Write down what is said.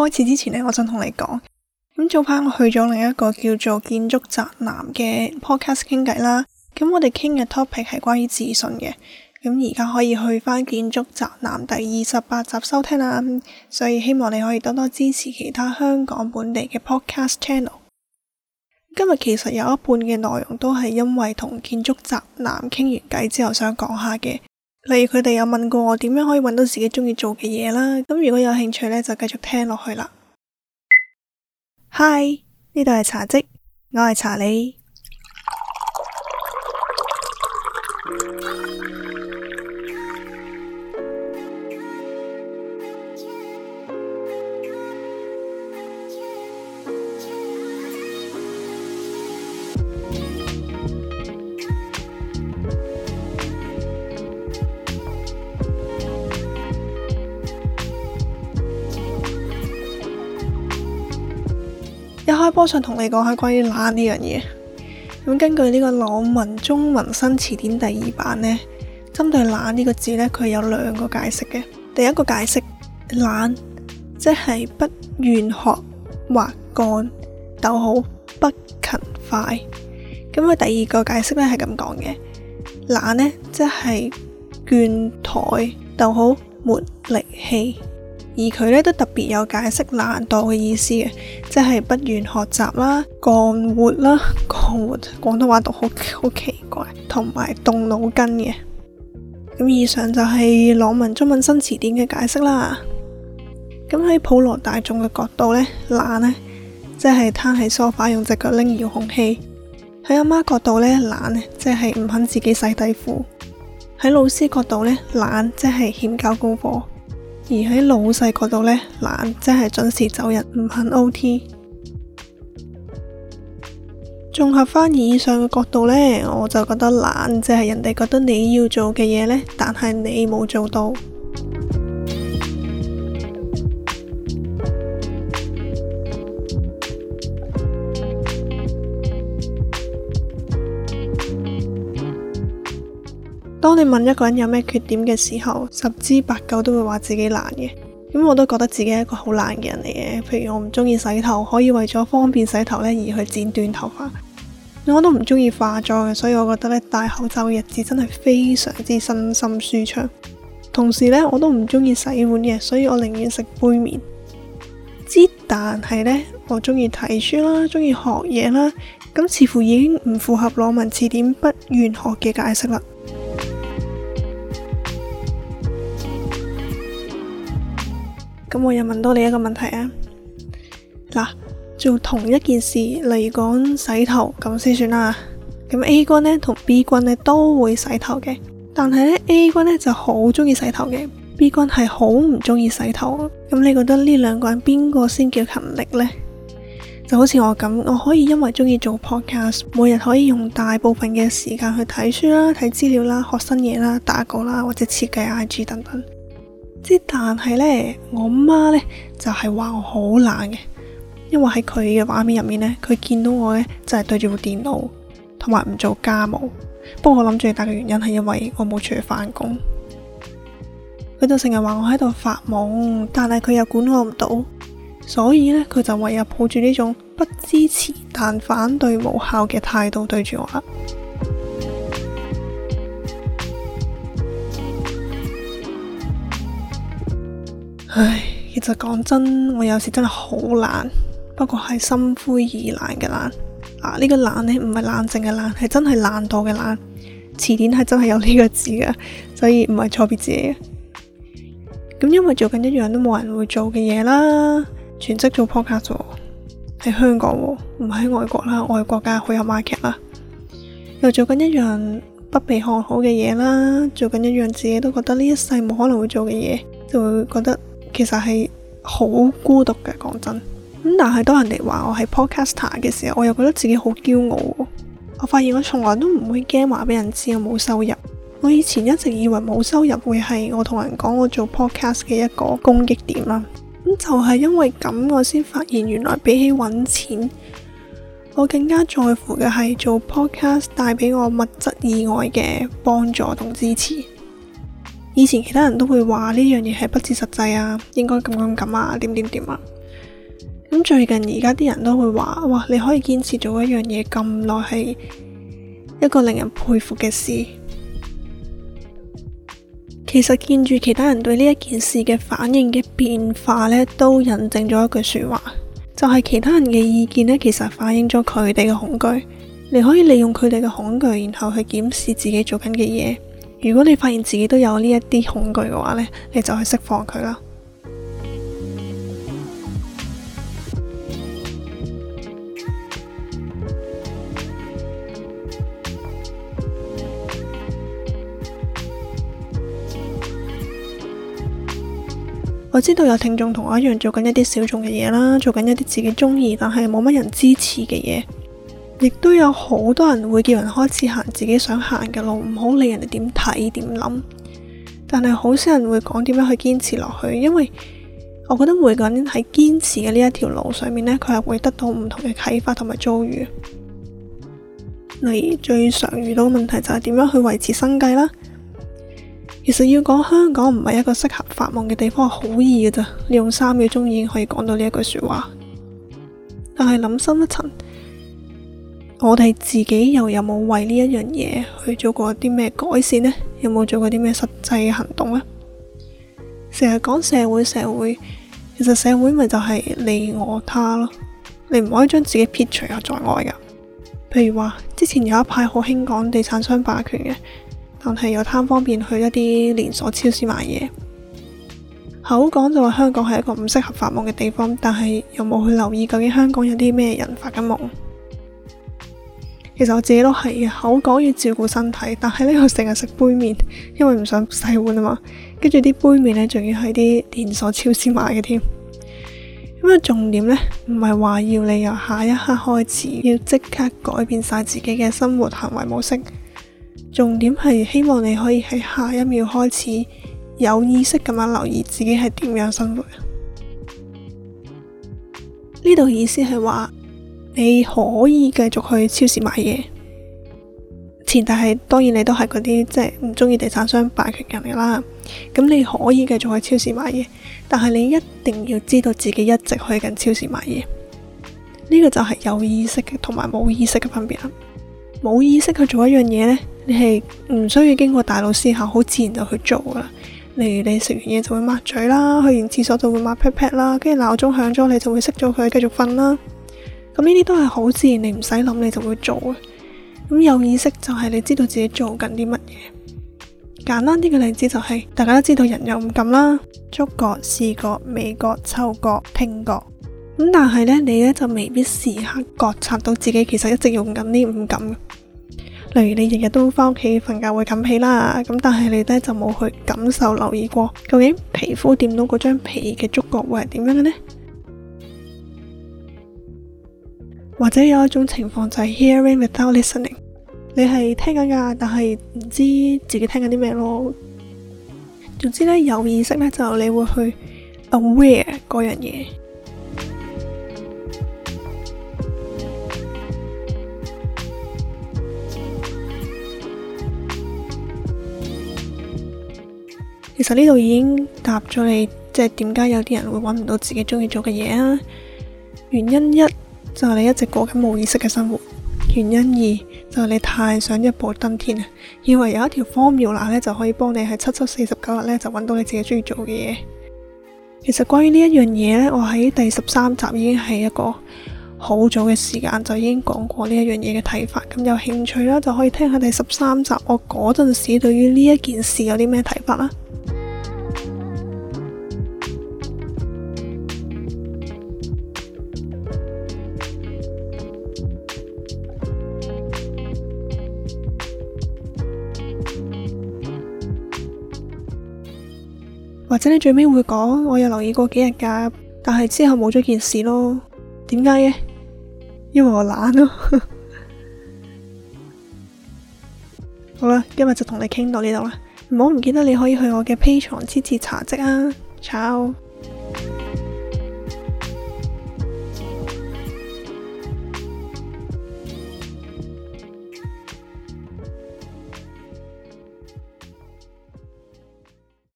開始之前呢，我想同你講，咁早排我去咗另一個叫做《建築宅男》嘅 podcast 傾偈啦。咁我哋傾嘅 topic 係關於自信嘅。咁而家可以去翻《建築宅男》第二十八集收聽啦。所以希望你可以多多支持其他香港本地嘅 podcast channel。今日其實有一半嘅內容都係因為同《建築宅男》傾完偈之後想講下嘅。例如佢哋有問過我點樣可以揾到自己中意做嘅嘢啦，咁如果有興趣呢，就繼續聽落去啦。嗨，呢度係茶嘖，我係查你。一開波上同你講下關於懶呢樣嘢。咁根據呢個《朗文中文新詞典》第二版呢，針對懶呢個字呢，佢有兩個解釋嘅。第一個解釋，懶即係不願學或幹，逗號、不勤快。咁佢第二個解釋呢，係咁講嘅，懶呢，即係倦怠，逗號、沒力氣。而佢咧都特別有解釋懶惰嘅意思嘅，即係不願學習啦、幹活啦、幹活，廣東話讀好好奇怪，同埋動腦筋嘅。咁以上就係朗文中文新詞典嘅解釋啦。咁喺普羅大眾嘅角度呢，懶呢，即係攤喺梳化，用隻腳拎遙控器；喺阿媽角度呢，懶呢，即係唔肯自己洗底褲；喺老師角度呢，懶即係欠交功課。而喺老細角度呢，懶即係準時走人，唔肯 OT。綜合翻以上嘅角度呢，我就覺得懶即係人哋覺得你要做嘅嘢呢，但係你冇做到。當你問一個人有咩缺點嘅時候，十之八九都會話自己懶嘅。咁我都覺得自己係一個好懶嘅人嚟嘅。譬如我唔中意洗頭，可以為咗方便洗頭呢而去剪短頭髮。我都唔中意化妝嘅，所以我覺得呢戴口罩嘅日子真係非常之身心舒暢。同時呢，我都唔中意洗碗嘅，所以我寧願食杯麵。之，但係呢，我中意睇書啦，中意學嘢啦，咁似乎已經唔符合《朗文詞典》不願學嘅解釋啦。咁我又問多你一個問題啊，嗱，做同一件事嚟講，洗頭咁先算啦。咁 A 君呢同 B 君呢都會洗頭嘅，但係呢 A 君呢就好中意洗頭嘅，B 君係好唔中意洗頭。咁你覺得呢兩個人邊個先叫勤力呢？就好似我咁，我可以因為中意做 podcast，每日可以用大部分嘅時間去睇書啦、睇資料啦、學新嘢啦、打稿啦或者設計 IG 等等。但係呢，我媽呢就係話我好懶嘅，因為喺佢嘅畫面入面呢，佢見到我呢就係對住部電腦，同埋唔做家務。不過我諗最大嘅原因係因為我冇出去返工，佢就成日話我喺度發夢，但係佢又管我唔到，所以呢，佢就唯有抱住呢種不支持但反對無效嘅態度對住我啦。唉，其實講真，我有時真係好懶，不過係心灰意冷嘅懶。嗱、啊，呢、這個懶呢，唔係冷靜嘅懶，係真係懶惰嘅懶。詞典係真係有呢個字嘅，所以唔係錯別字嚟。咁因為做緊一樣都冇人會做嘅嘢啦，全職做 podcast 喎、哦，喺香港唔、哦、喺外國啦，外國梗係好有 market 啦。又做緊一樣不被看好嘅嘢啦，做緊一樣自己都覺得呢一世冇可能會做嘅嘢，就會覺得。其實係好孤獨嘅，講真。咁但係當人哋話我係 podcaster 嘅時候，我又覺得自己好驕傲。我發現我從來都唔會驚話俾人知我冇收入。我以前一直以為冇收入會係我同人講我做 podcast 嘅一個攻擊點啦。咁就係因為咁，我先發現原來比起揾錢，我更加在乎嘅係做 podcast 帶俾我物質以外嘅幫助同支持。以前其他人都會話呢樣嘢係不切實際啊，應該咁咁咁啊，點點點啊。咁最近而家啲人都會話，哇，你可以堅持做一樣嘢咁耐，係一個令人佩服嘅事。其實見住其他人對呢一件事嘅反應嘅變化呢，都印證咗一句說話，就係其他人嘅意見呢，其實反映咗佢哋嘅恐懼。你可以利用佢哋嘅恐懼，然後去檢視自己做緊嘅嘢。如果你發現自己都有呢一啲恐懼嘅話呢，你就去釋放佢啦。 我知道有聽眾同我一樣做緊一啲小眾嘅嘢啦，做緊一啲自己中意但係冇乜人支持嘅嘢。亦都有好多人會叫人開始行自己想行嘅路，唔好理人哋點睇點諗。但係好少人會講點樣去堅持落去，因為我覺得每個人喺堅持嘅呢一條路上面呢，佢係會得到唔同嘅啟發同埋遭遇。例如最常遇到嘅問題就係點樣去維持生計啦。其實要講香港唔係一個適合發夢嘅地方，好易嘅咋。你用三秒鐘已經可以講到呢一句說話，但係諗深一層。我哋自己又有冇為呢一樣嘢去做過啲咩改善呢？有冇做過啲咩實際行動呢？成日講社會社會，其實社會咪就係你我他咯，你唔可以將自己撇除在外噶。譬如話之前有一派好興講地產商霸權嘅，但係又貪方便去一啲連鎖超市買嘢。口講就話香港係一個唔適合發夢嘅地方，但係又冇去留意究竟香港有啲咩人發緊夢。其實我自己都係嘅，口講要照顧身體，但係呢，我成日食杯麵，因為唔想洗碗啊嘛。跟住啲杯麵呢，仲要喺啲連鎖超市買嘅添。咁、嗯、啊，重點呢，唔係話要你由下一刻開始要即刻改變晒自己嘅生活行為模式，重點係希望你可以喺下一秒開始有意識咁樣留意自己係點樣生活。呢度意思係話。你可以繼續去超市買嘢，前提係當然你都係嗰啲即係唔中意地產商霸權人嚟啦。咁你可以繼續去超市買嘢，但係你一定要知道自己一直去緊超市買嘢。呢個就係有意識嘅同埋冇意識嘅分別啦。冇意識去做一樣嘢呢，你係唔需要經過大腦思考，好自然就去做噶啦。例如你食完嘢就會抹嘴啦，去完廁所就會抹 pat pat 啦，跟住鬧鐘響咗你就會熄咗佢繼續瞓啦。咁呢啲都係好自然，你唔使諗你就會做嘅。咁有意識就係你知道自己做緊啲乜嘢。簡單啲嘅例子就係大家都知道人有五感啦：觸覺、視覺、味覺、嗅覺、聽覺。咁但係呢，你呢就未必時刻覺察到自己其實一直用緊呢五感。例如你日日都翻屋企瞓覺會冚被啦，咁但係你呢就冇去感受留意過究竟皮膚掂到嗰張被嘅觸覺會係點樣嘅呢？或者有一種情況就係 hearing without listening，你係聽緊㗎，但係唔知自己聽緊啲咩咯。總之呢，有意識呢，就你會去 aware 嗰樣嘢。其實呢度已經答咗你，即係點解有啲人會揾唔到自己鍾意做嘅嘢啊？原因一。就係你一直過緊冇意識嘅生活。原因二就係、是、你太想一步登天啦，以為有一條荒謬路咧就可以幫你喺七七四十九日咧就揾到你自己中意做嘅嘢。其實關於呢一樣嘢咧，我喺第十三集已經係一個好早嘅時間就已經講過呢一樣嘢嘅睇法。咁有興趣啦，就可以聽下第十三集我嗰陣時對於呢一件事有啲咩睇法啦。或者你最尾會講，我有留意過幾日㗎，但係之後冇咗件事咯，點解嘅？因為我懶咯。 好啦，今日就同你傾到呢度啦，唔好唔記得你可以去我嘅 Patreon 支持茶嘖啊，炒！